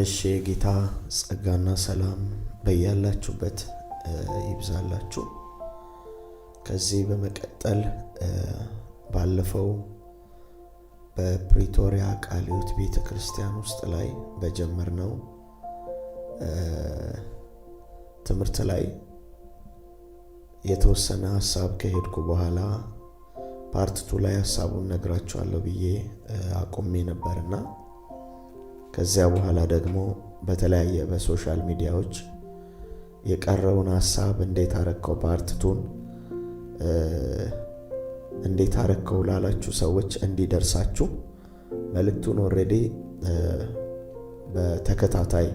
እሺ የጌታ ጸጋና ሰላም በያላችሁበት ይብዛላችሁ። ከዚህ በመቀጠል ባለፈው በፕሪቶሪያ ቃልዮት ቤተ ክርስቲያን ውስጥ ላይ ነው ትምህርት ላይ የተወሰነ ሀሳብ ከሄድኩ በኋላ ፓርትቱ ላይ ሀሳቡን ነግራችኋለሁ ብዬ አቁሜ ነበርና ከዚያ በኋላ ደግሞ በተለያየ በሶሻል ሚዲያዎች የቀረውን ሀሳብ እንዴት አረከው ፓርትቱን እንዴት አረከው ላላችሁ ሰዎች እንዲደርሳችሁ መልእክቱን ኦሬዲ በተከታታይ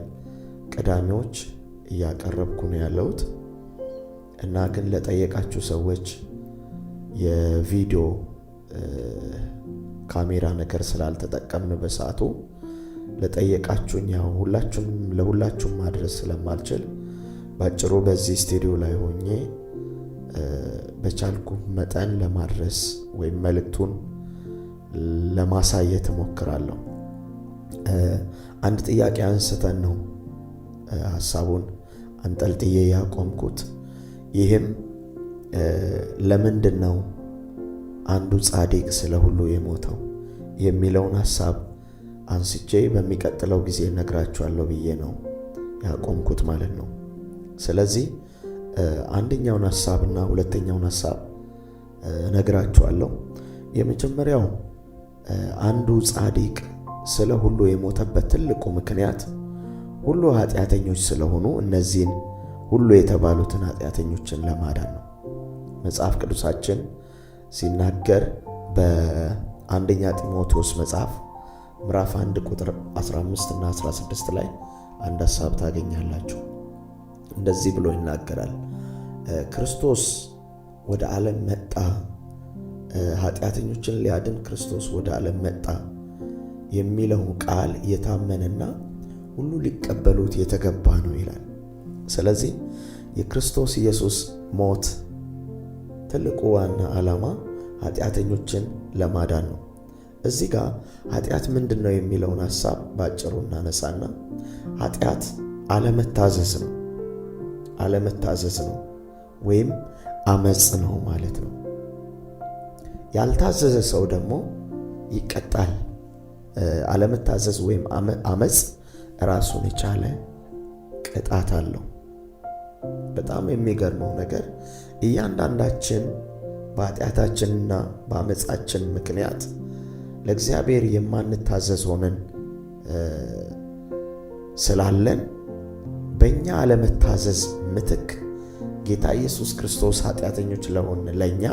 ቅዳሜዎች እያቀረብኩ ነው ያለሁት እና ግን ለጠየቃችሁ ሰዎች የቪዲዮ ካሜራ ነገር ስላልተጠቀምን በሰዓቱ ለጠየቃችሁኝ ያው ሁላችሁም ለሁላችሁም ማድረስ ስለማልችል ባጭሩ በዚህ ስቱዲዮ ላይ ሆኜ በቻልኩ መጠን ለማድረስ ወይም መልእክቱን ለማሳየት እሞክራለሁ። አንድ ጥያቄ አንስተን ነው ሀሳቡን አንጠልጥዬ ያቆምኩት። ይህም ለምንድን ነው አንዱ ጻድቅ ስለ ሁሉ የሞተው የሚለውን ሀሳብ አንስቼ በሚቀጥለው ጊዜ ነግራችኋለሁ ብዬ ነው ያቆምኩት ማለት ነው። ስለዚህ አንደኛውን ሀሳብ እና ሁለተኛውን ሀሳብ ነግራችኋለሁ። የመጀመሪያው አንዱ ጻድቅ ስለ ሁሉ የሞተበት ትልቁ ምክንያት ሁሉ ኃጢአተኞች ስለሆኑ እነዚህን ሁሉ የተባሉትን ኃጢአተኞችን ለማዳን ነው። መጽሐፍ ቅዱሳችን ሲናገር በአንደኛ ጢሞቴዎስ መጽሐፍ ምዕራፍ 1 ቁጥር 15 እና 16 ላይ አንድ ሀሳብ ታገኛላችሁ። እንደዚህ ብሎ ይናገራል። ክርስቶስ ወደ ዓለም መጣ፣ ኃጢአተኞችን ሊያድን ክርስቶስ ወደ ዓለም መጣ የሚለው ቃል የታመነና ሁሉ ሊቀበሉት የተገባ ነው ይላል። ስለዚህ የክርስቶስ ኢየሱስ ሞት ትልቁ ዋና ዓላማ ኃጢአተኞችን ለማዳን ነው። እዚህ ጋር ኃጢአት ምንድን ነው የሚለውን ሀሳብ ባጭሩ እናነሳና ኃጢአት አለመታዘዝ ነው አለመታዘዝ ነው ወይም አመፅ ነው ማለት ነው። ያልታዘዘ ሰው ደግሞ ይቀጣል። አለመታዘዝ ወይም አመፅ ራሱን የቻለ ቅጣት አለው። በጣም የሚገርመው ነገር እያንዳንዳችን በኃጢአታችንና በአመፃችን ምክንያት ለእግዚአብሔር የማንታዘዝ ሆነን ስላለን በእኛ አለመታዘዝ ምትክ ጌታ ኢየሱስ ክርስቶስ ኃጢአተኞች ለሆን ለእኛ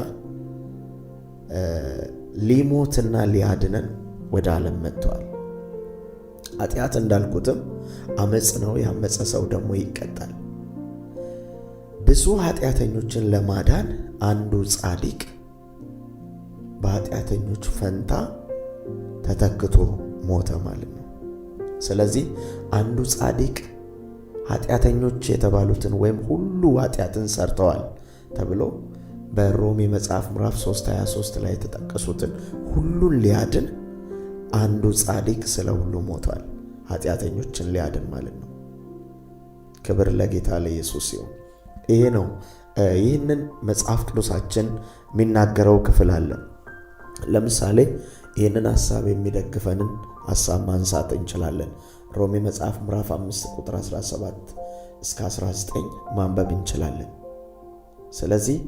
ሊሞትና ሊያድነን ወደ ዓለም መጥቷል። ኃጢአት እንዳልኩትም አመፅ ነው። ያመፀ ሰው ደግሞ ይቀጣል። ብዙ ኃጢአተኞችን ለማዳን አንዱ ጻድቅ በኃጢአተኞች ፈንታ ተተክቶ ሞተ ማለት ነው። ስለዚህ አንዱ ጻድቅ ኃጢአተኞች የተባሉትን ወይም ሁሉ ኃጢአትን ሰርተዋል ተብሎ በሮሜ መጽሐፍ ምዕራፍ 3 23 ላይ የተጠቀሱትን ሁሉን ሊያድን አንዱ ጻድቅ ስለ ሁሉ ሞቷል። ኃጢአተኞችን ሊያድን ማለት ነው። ክብር ለጌታ ለኢየሱስ ሲሆን ይሄ ነው። ይህንን መጽሐፍ ቅዱሳችን የሚናገረው ክፍል አለ። ለምሳሌ ይህንን ሐሳብ የሚደግፈንን ሐሳብ ማንሳት እንችላለን። ሮሜ መጽሐፍ ምዕራፍ 5 ቁጥር 17 እስከ 19 ማንበብ እንችላለን። ስለዚህ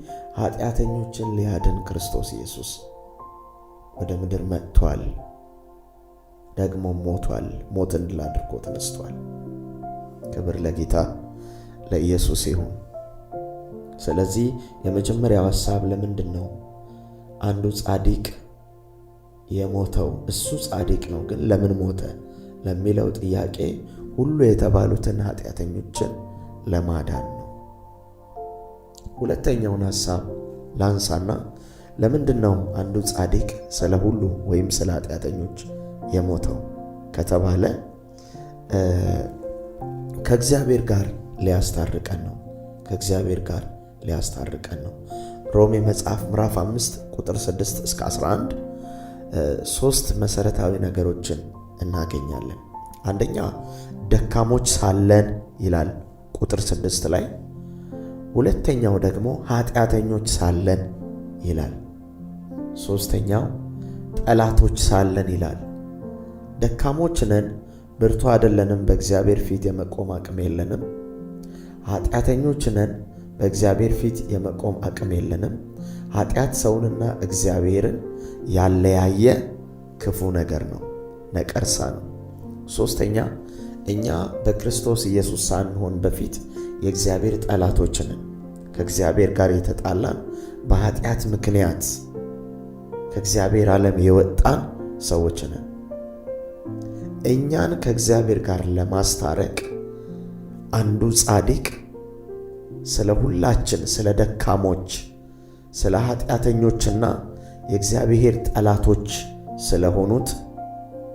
ኃጢአተኞችን ሊያድን ክርስቶስ ኢየሱስ ወደ ምድር መጥቷል፣ ደግሞ ሞቷል፣ ሞትን ድል አድርጎ ተነስቷል። ክብር ለጌታ ለኢየሱስ ይሁን። ስለዚህ የመጀመሪያው ሐሳብ ለምንድን ነው አንዱ ጻድቅ የሞተው እሱ ጻድቅ ነው፣ ግን ለምን ሞተ ለሚለው ጥያቄ ሁሉ የተባሉትን ኃጢአተኞችን ለማዳን ነው። ሁለተኛውን ሐሳብ ላንሳና ለምንድን ነው አንዱ ጻድቅ ስለ ሁሉ ወይም ስለ ኃጢአተኞች የሞተው ከተባለ ከእግዚአብሔር ጋር ሊያስታርቀን ነው። ከእግዚአብሔር ጋር ሊያስታርቀን ነው። ሮሜ መጽሐፍ ምዕራፍ 5 ቁጥር 6 እስከ 11 ሶስት መሰረታዊ ነገሮችን እናገኛለን። አንደኛ ደካሞች ሳለን ይላል ቁጥር ስድስት ላይ። ሁለተኛው ደግሞ ኃጢአተኞች ሳለን ይላል። ሶስተኛው ጠላቶች ሳለን ይላል። ደካሞች ነን፣ ብርቱ አይደለንም፣ በእግዚአብሔር ፊት የመቆም አቅም የለንም። ኃጢአተኞች ነን፣ በእግዚአብሔር ፊት የመቆም አቅም የለንም። ኃጢአት ሰውንና እግዚአብሔርን ያለያየ ክፉ ነገር ነው፣ ነቀርሳ ነው። ሶስተኛ እኛ በክርስቶስ ኢየሱስ ሳንሆን በፊት የእግዚአብሔር ጠላቶችንን ከእግዚአብሔር ጋር የተጣላን በኃጢአት ምክንያት ከእግዚአብሔር ዓለም የወጣን ሰዎችንን እኛን ከእግዚአብሔር ጋር ለማስታረቅ አንዱ ጻድቅ ስለ ሁላችን፣ ስለ ደካሞች፣ ስለ ኃጢአተኞችና የእግዚአብሔር ጠላቶች ስለሆኑት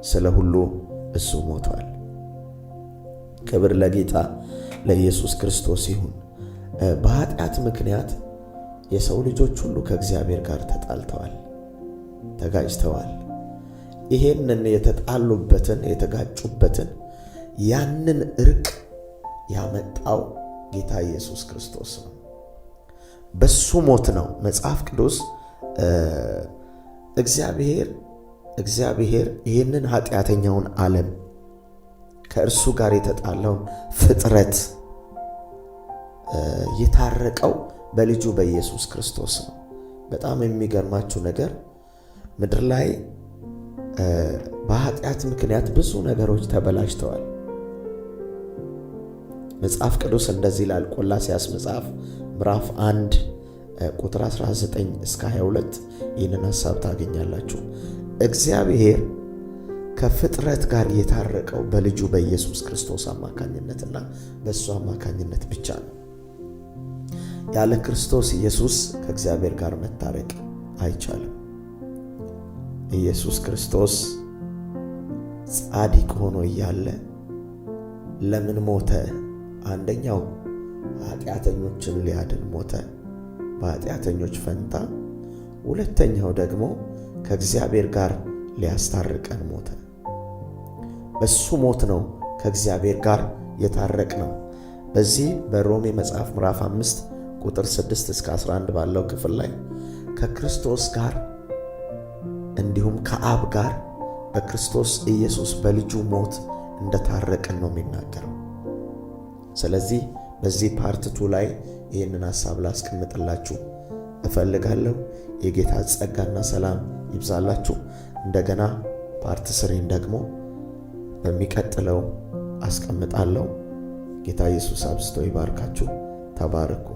ስለ ሁሉ እሱ ሞቷል። ክብር ለጌታ ለኢየሱስ ክርስቶስ ይሁን። በኃጢአት ምክንያት የሰው ልጆች ሁሉ ከእግዚአብሔር ጋር ተጣልተዋል፣ ተጋጭተዋል። ይሄንን የተጣሉበትን የተጋጩበትን ያንን እርቅ ያመጣው ጌታ ኢየሱስ ክርስቶስ ነው። በሱ ሞት ነው መጽሐፍ ቅዱስ እግዚአብሔር እግዚአብሔር ይህንን ኃጢአተኛውን ዓለም ከእርሱ ጋር የተጣላውን ፍጥረት የታረቀው በልጁ በኢየሱስ ክርስቶስ ነው። በጣም የሚገርማችሁ ነገር ምድር ላይ በኃጢአት ምክንያት ብዙ ነገሮች ተበላሽተዋል። መጽሐፍ ቅዱስ እንደዚህ ይላል። ቆላሲያስ መጽሐፍ ምዕራፍ 1 ቁጥር 19 እስከ 22 ይህንን ሀሳብ ታገኛላችሁ። እግዚአብሔር ከፍጥረት ጋር የታረቀው በልጁ በኢየሱስ ክርስቶስ አማካኝነትና በእሱ አማካኝነት ብቻ ነው። ያለ ክርስቶስ ኢየሱስ ከእግዚአብሔር ጋር መታረቅ አይቻልም። ኢየሱስ ክርስቶስ ጻድቅ ሆኖ እያለ ለምን ሞተ? አንደኛው ኃጢአተኞችን ሊያድን ሞተ በኃጢአተኞች ፈንታ፣ ሁለተኛው ደግሞ ከእግዚአብሔር ጋር ሊያስታርቀን ሞተ። በሱ ሞት ነው ከእግዚአብሔር ጋር የታረቅ ነው። በዚህ በሮሜ መጽሐፍ ምዕራፍ 5 ቁጥር 6 እስከ 11 ባለው ክፍል ላይ ከክርስቶስ ጋር እንዲሁም ከአብ ጋር በክርስቶስ ኢየሱስ በልጁ ሞት እንደታረቅን ነው የሚናገረው። ስለዚህ በዚህ ፓርት ቱ ላይ ይህንን ሀሳብ ላስቀምጥላችሁ እፈልጋለሁ። የጌታ ጸጋና ሰላም ይብዛላችሁ። እንደገና ፓርት ስሪን ደግሞ በሚቀጥለው አስቀምጣለሁ። ጌታ ኢየሱስ አብዝቶ ይባርካችሁ። ተባረኩ።